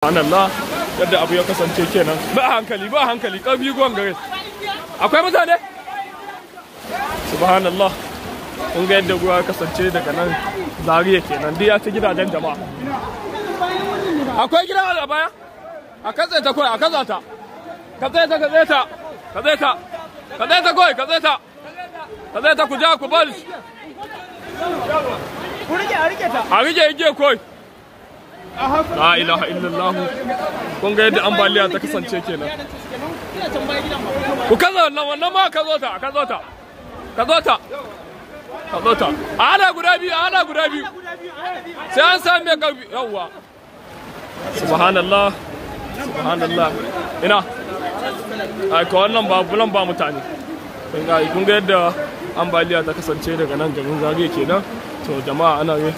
Subhanallah yadda abu ya kasance kenan ba hankali ba hankali ƙarfi gwan gare akwai mutane subhanallah kun ga yadda ruwa ya kasance daga nan zariya kenan duk ya ci gidajen jama'a akwai gidan a baya a katse ta kawai a katsa ta katse ta katse ta katse ta katse ta kawai katse ta katse ta ku ja ku bari a rike ta a rike igiyar kawai la ilaha illallah kun ga yadda ambaliya ta kasance kenan ku kaza wannan wannan ma ka zo ta ka zo ta ka zo ta ka zo ta ala guda biyu ala guda biyu sai an sa me kalbi yawa subhanallah subhanallah ina ai ko wannan ba bulan ba mutane kun ga kun ga yadda ambaliya ta kasance daga nan garin zariya kenan to jama'a ana yi